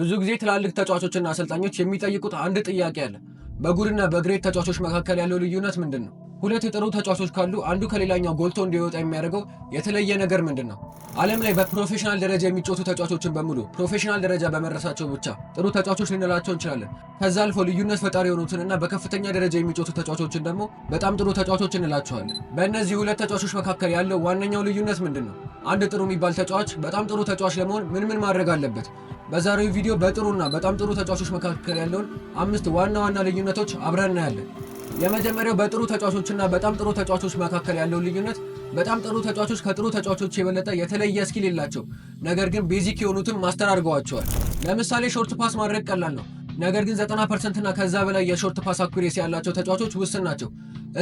ብዙ ጊዜ ትላልቅ ተጫዋቾችና አሰልጣኞች የሚጠይቁት አንድ ጥያቄ አለ። በጉድና በግሬት ተጫዋቾች መካከል ያለው ልዩነት ምንድን ነው? ሁለት የጥሩ ተጫዋቾች ካሉ አንዱ ከሌላኛው ጎልቶ እንዲወጣ የሚያደርገው የተለየ ነገር ምንድን ነው? ዓለም ላይ በፕሮፌሽናል ደረጃ የሚጮቱ ተጫዋቾችን በሙሉ ፕሮፌሽናል ደረጃ በመድረሳቸው ብቻ ጥሩ ተጫዋቾች ልንላቸው እንችላለን። ከዛ አልፎ ልዩነት ፈጣሪ የሆኑትን እና በከፍተኛ ደረጃ የሚጮቱ ተጫዋቾችን ደግሞ በጣም ጥሩ ተጫዋቾች እንላቸዋለን። በእነዚህ ሁለት ተጫዋቾች መካከል ያለው ዋነኛው ልዩነት ምንድን ነው? አንድ ጥሩ የሚባል ተጫዋች በጣም ጥሩ ተጫዋች ለመሆን ምን ምን ማድረግ አለበት? በዛሬው ቪዲዮ በጥሩና በጣም ጥሩ ተጫዋቾች መካከል ያለውን አምስት ዋና ዋና ልዩነቶች አብረን እናያለን። የመጀመሪያው በጥሩ ተጫዋቾችና በጣም ጥሩ ተጫዋቾች መካከል ያለውን ልዩነት በጣም ጥሩ ተጫዋቾች ከጥሩ ተጫዋቾች የበለጠ የተለየ ስኪል የላቸው፣ ነገር ግን ቤዚክ የሆኑትን ማስተር አድርገዋቸዋል። ለምሳሌ ሾርት ፓስ ማድረግ ቀላል ነው፣ ነገር ግን 90 ፐርሰንትና ከዛ በላይ የሾርት ፓስ አኩሬሲ ያላቸው ተጫዋቾች ውስን ናቸው።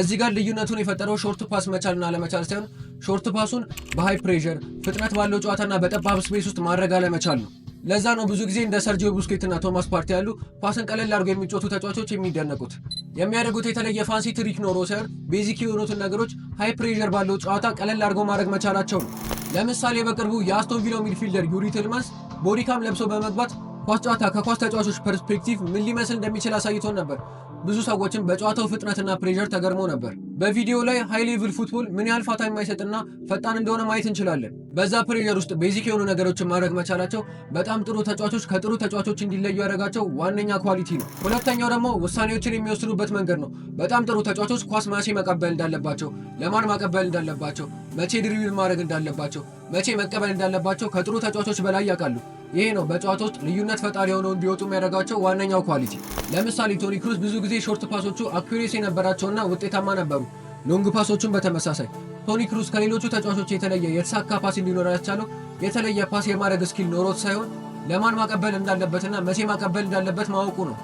እዚህ ጋር ልዩነቱን የፈጠረው ሾርት ፓስ መቻልና ለመቻል ሳይሆን ሾርት ፓሱን በሃይ ፕሬዠር ፍጥነት ባለው ጨዋታና በጠባብ ስፔስ ውስጥ ማድረግ አለመቻል ነው። ለዛ ነው ብዙ ጊዜ እንደ ሰርጂዮ ቡስኬትና ቶማስ ፓርቲ ያሉ ኳስን ቀለል አድርገው የሚጮቱ ተጫዋቾች የሚደነቁት። የሚያደርጉት የተለየ ፋንሲ ትሪክ ኖሮ ሳይሆን ቤዚክ የሆኑትን ነገሮች ሃይ ፕሬዠር ባለው ጨዋታ ቀለል አድርገው ማድረግ መቻላቸው ነው። ለምሳሌ በቅርቡ የአስቶን ቪላው ሚድፊልደር ዩሪ ቲልማንስ ቦዲካም ለብሶ በመግባት ኳስ ጨዋታ ከኳስ ተጫዋቾች ፐርስፔክቲቭ ምን ሊመስል እንደሚችል አሳይቶን ነበር። ብዙ ሰዎችም በጨዋታው ፍጥነትና ፕሬር ተገርመው ነበር። በቪዲዮ ላይ ሃይ ሌቭል ፉትቦል ምን ያህል ፋታ የማይሰጥና ፈጣን እንደሆነ ማየት እንችላለን። በዛ ፕሪሚየር ውስጥ ቤዚክ የሆኑ ነገሮችን ማድረግ መቻላቸው በጣም ጥሩ ተጫዋቾች ከጥሩ ተጫዋቾች እንዲለዩ ያደረጋቸው ዋነኛ ኳሊቲ ነው። ሁለተኛው ደግሞ ውሳኔዎችን የሚወስኑበት መንገድ ነው። በጣም ጥሩ ተጫዋቾች ኳስ መቼ መቀበል እንዳለባቸው፣ ለማን ማቀበል እንዳለባቸው፣ መቼ ድሪብል ማድረግ እንዳለባቸው፣ መቼ መቀበል እንዳለባቸው ከጥሩ ተጫዋቾች በላይ ያውቃሉ። ይሄ ነው በጨዋታ ውስጥ ልዩነት ፈጣሪ የሆነው እንዲወጡ የሚያደርጋቸው ዋነኛው ኳሊቲ። ለምሳሌ ቶኒ ክሩስ ብዙ ጊዜ ሾርት ፓሶቹ አኩሬሲ የነበራቸውና ውጤታማ ነበሩ፣ ሎንግ ፓሶቹን በተመሳሳይ። ቶኒ ክሩስ ከሌሎቹ ተጫዋቾች የተለየ የተሳካ ፓስ እንዲኖር ያስቻለው የተለየ ፓስ የማድረግ ስኪል ኖሮት ሳይሆን ለማን ማቀበል እንዳለበትና መቼ ማቀበል እንዳለበት ማወቁ ነው።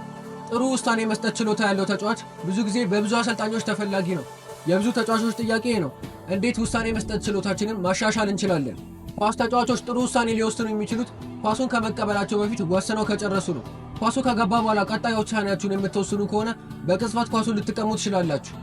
ጥሩ ውሳኔ መስጠት ችሎታ ያለው ተጫዋች ብዙ ጊዜ በብዙ አሰልጣኞች ተፈላጊ ነው። የብዙ ተጫዋቾች ጥያቄ ነው፣ እንዴት ውሳኔ መስጠት ችሎታችንን ማሻሻል እንችላለን? ኳስ ተጫዋቾች ጥሩ ውሳኔ ሊወስኑ የሚችሉት ኳሱን ከመቀበላቸው በፊት ወስነው ከጨረሱ ነው። ኳሱ ከገባ በኋላ ቀጣይ ውሳኔያችሁን የምትወስኑ ከሆነ በቅጽበት ኳሱን ልትቀሙ ትችላላችሁ።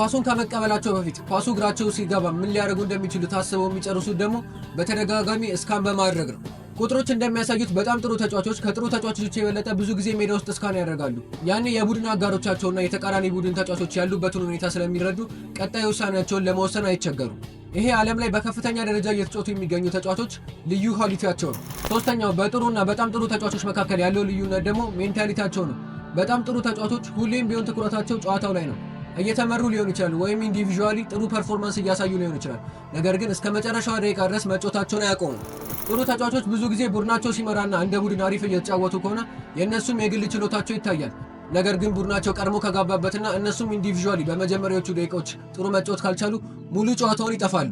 ኳሱን ከመቀበላቸው በፊት ኳሱ እግራቸው ሲገባ ምን ሊያደርጉ እንደሚችሉ ታስበው የሚጨርሱት ደግሞ በተደጋጋሚ እስካን በማድረግ ነው። ቁጥሮች እንደሚያሳዩት በጣም ጥሩ ተጫዋቾች ከጥሩ ተጫዋቾች የበለጠ ብዙ ጊዜ ሜዳ ውስጥ እስካን ያደርጋሉ። ያኔ የቡድን አጋሮቻቸውና የተቃራኒ ቡድን ተጫዋቾች ያሉበትን ሁኔታ ስለሚረዱ ቀጣይ ውሳኔያቸውን ለመወሰን አይቸገሩም። ይሄ ዓለም ላይ በከፍተኛ ደረጃ እየተጫወቱ የሚገኙ ተጫዋቾች ልዩ ኳሊቲያቸው ነው። ሶስተኛው በጥሩና በጣም ጥሩ ተጫዋቾች መካከል ያለው ልዩነት ደግሞ ሜንታሊቲያቸው ነው። በጣም ጥሩ ተጫዋቾች ሁሌም ቢሆን ትኩረታቸው ጨዋታው ላይ ነው። እየተመሩ ሊሆን ይችላል፣ ወይም ኢንዲቪዥዋሊ ጥሩ ፐርፎርማንስ እያሳዩ ሊሆን ይችላል። ነገር ግን እስከ መጨረሻዋ ደቂቃ ድረስ መጮታቸውን አያቆሙ። ጥሩ ተጫዋቾች ብዙ ጊዜ ቡድናቸው ሲመራና እንደ ቡድን አሪፍ እየተጫወቱ ከሆነ የእነሱም የግል ችሎታቸው ይታያል። ነገር ግን ቡድናቸው ቀድሞ ከጋባበትና እነሱም ኢንዲቪዥዋሊ በመጀመሪያዎቹ ደቂቃዎች ጥሩ መጫወት ካልቻሉ ሙሉ ጨዋታውን ይጠፋሉ።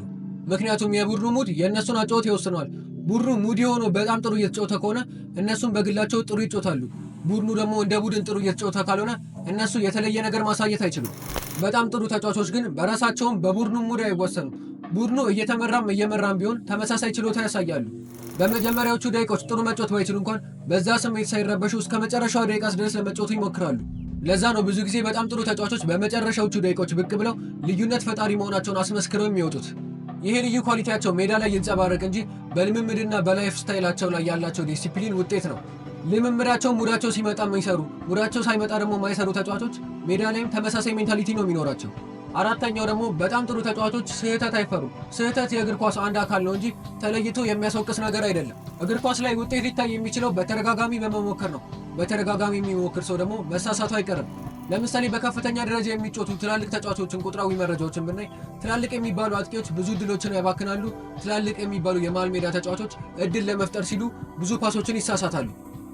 ምክንያቱም የቡድኑ ሙድ የእነሱን አጫወት ይወስነዋል። ቡድኑ ሙድ የሆነ በጣም ጥሩ እየተጫወተ ከሆነ እነሱም በግላቸው ጥሩ ይጫወታሉ። ቡድኑ ደግሞ እንደ ቡድን ጥሩ እየተጫወተ ካልሆነ እነሱ የተለየ ነገር ማሳየት አይችሉም። በጣም ጥሩ ተጫዋቾች ግን በራሳቸውም በቡድኑ ሙድ አይወሰኑም። ቡድኑ እየተመራም እየመራም ቢሆን ተመሳሳይ ችሎታ ያሳያሉ። በመጀመሪያዎቹ ደቂቃዎች ጥሩ መጮት ባይችሉ እንኳን በዛ ስሜት ሳይረበሹ እስከ መጨረሻው ደቂቃ ድረስ ለመጮቱ ይሞክራሉ። ለዛ ነው ብዙ ጊዜ በጣም ጥሩ ተጫዋቾች በመጨረሻዎቹ ደቂቃዎች ብቅ ብለው ልዩነት ፈጣሪ መሆናቸውን አስመስክረው የሚወጡት። ይሄ ልዩ ኳሊቲያቸው ሜዳ ላይ ይንጸባረቅ እንጂ በልምምድና በላይፍ ስታይላቸው ላይ ያላቸው ዲሲፕሊን ውጤት ነው። ልምምዳቸው ሙዳቸው ሲመጣ የሚሰሩ ሙዳቸው ሳይመጣ ደግሞ የማይሰሩ ተጫዋቾች ሜዳ ላይም ተመሳሳይ ሜንታሊቲ ነው የሚኖራቸው። አራተኛው ደግሞ በጣም ጥሩ ተጫዋቾች ስህተት አይፈሩም። ስህተት የእግር ኳስ አንድ አካል ነው እንጂ ተለይቶ የሚያስወቅስ ነገር አይደለም። እግር ኳስ ላይ ውጤት ሊታይ የሚችለው በተደጋጋሚ በመሞከር ነው። በተደጋጋሚ የሚሞክር ሰው ደግሞ መሳሳቱ አይቀርም። ለምሳሌ በከፍተኛ ደረጃ የሚጮቱ ትላልቅ ተጫዋቾችን ቁጥራዊ መረጃዎችን ብናይ ትላልቅ የሚባሉ አጥቂዎች ብዙ እድሎችን ያባክናሉ። ትላልቅ የሚባሉ የመሃል ሜዳ ተጫዋቾች እድል ለመፍጠር ሲሉ ብዙ ኳሶችን ይሳሳታሉ።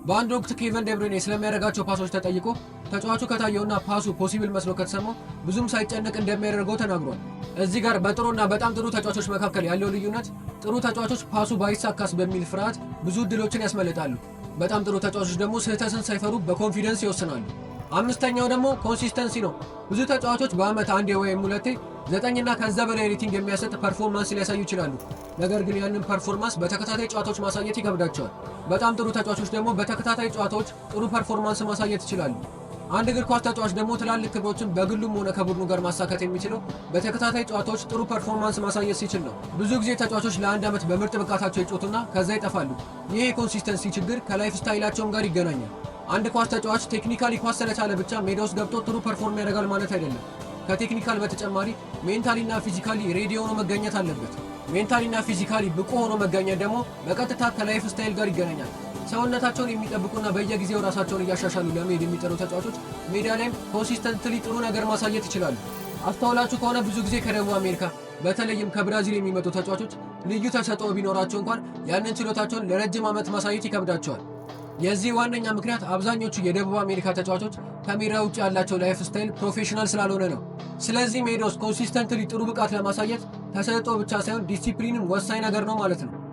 በአንድ ወቅት ኬቨን ደብሬኔ ስለሚያደርጋቸው ፓሶች ተጠይቆ ተጫዋቹ ከታየውና ፓሱ ፖሲብል መስሎ ከተሰማው ብዙም ሳይጨነቅ እንደሚያደርገው ተናግሯል። እዚህ ጋር በጥሩና በጣም ጥሩ ተጫዋቾች መካከል ያለው ልዩነት ጥሩ ተጫዋቾች ፓሱ ባይሳካስ በሚል ፍርሃት ብዙ እድሎችን ያስመልጣሉ። በጣም ጥሩ ተጫዋቾች ደግሞ ስህተትን ሳይፈሩ በኮንፊደንስ ይወስናሉ። አምስተኛው ደግሞ ኮንሲስተንሲ ነው። ብዙ ተጫዋቾች በአመት አንዴ ወይም ሁለቴ ዘጠኝና ከዛ በላይ ሬቲንግ የሚያሰጥ ፐርፎርማንስ ሊያሳዩ ይችላሉ። ነገር ግን ያንን ፐርፎርማንስ በተከታታይ ጨዋታዎች ማሳየት ይከብዳቸዋል። በጣም ጥሩ ተጫዋቾች ደግሞ በተከታታይ ጨዋታዎች ጥሩ ፐርፎርማንስ ማሳየት ይችላሉ። አንድ እግር ኳስ ተጫዋች ደግሞ ትላልቅ ክብሮችን በግሉም ሆነ ከቡድኑ ጋር ማሳካት የሚችለው በተከታታይ ጨዋታዎች ጥሩ ፐርፎርማንስ ማሳየት ሲችል ነው። ብዙ ጊዜ ተጫዋቾች ለአንድ ዓመት በምርጥ ብቃታቸው ይጮቱና ከዛ ይጠፋሉ። ይህ የኮንሲስተንሲ ችግር ከላይፍ ስታይላቸውም ጋር ይገናኛል። አንድ ኳስ ተጫዋች ቴክኒካሊ ኳስ ስለቻለ ብቻ ሜዳ ውስጥ ገብቶ ጥሩ ፐርፎርም ያደርጋል ማለት አይደለም። ከቴክኒካል በተጨማሪ ሜንታሊና ፊዚካሊ ሬዲ ሆኖ መገኘት አለበት። ሜንታሊና ፊዚካሊ ብቁ ሆኖ መገኘት ደግሞ በቀጥታ ከላይፍ ስታይል ጋር ይገናኛል። ሰውነታቸውን የሚጠብቁና በየጊዜው ራሳቸውን እያሻሻሉ ለመሄድ የሚጠሩ ተጫዋቾች ሜዳ ላይም ኮንሲስተንትሊ ጥሩ ነገር ማሳየት ይችላሉ። አስተውላችሁ ከሆነ ብዙ ጊዜ ከደቡብ አሜሪካ በተለይም ከብራዚል የሚመጡ ተጫዋቾች ልዩ ተሰጥኦ ቢኖራቸው እንኳን ያንን ችሎታቸውን ለረጅም ዓመት ማሳየት ይከብዳቸዋል። የዚህ ዋነኛ ምክንያት አብዛኞቹ የደቡብ አሜሪካ ተጫዋቾች ከሜዳ ውጭ ያላቸው ላይፍ ስታይል ፕሮፌሽናል ስላልሆነ ነው። ስለዚህ ሜዳ ውስጥ ኮንሲስተንትሊ ጥሩ ብቃት ለማሳየት ተሰጥኦ ብቻ ሳይሆን ዲሲፕሊንም ወሳኝ ነገር ነው ማለት ነው።